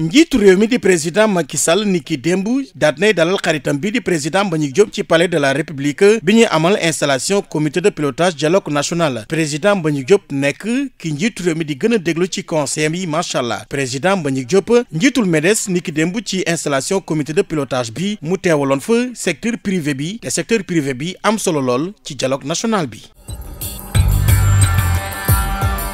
njiitu réew mi di président Macky Sall ni ki démb daat nay dalal xaritam bi di président Mbagnick Diop ci palais de la république bi ñuy amal installation commité de pilotage dialogue national président Mbagnick Diop nekk ki njiitu réew mi di gën a déglu ci conseil yi macha allah président Mbagnick Diop njiitul MEDES ni ki démb ci installation commité de pilotage bi mu teewaloon fa secteur privé bi te secteur privé bi am solo lool ci dialogue national bi.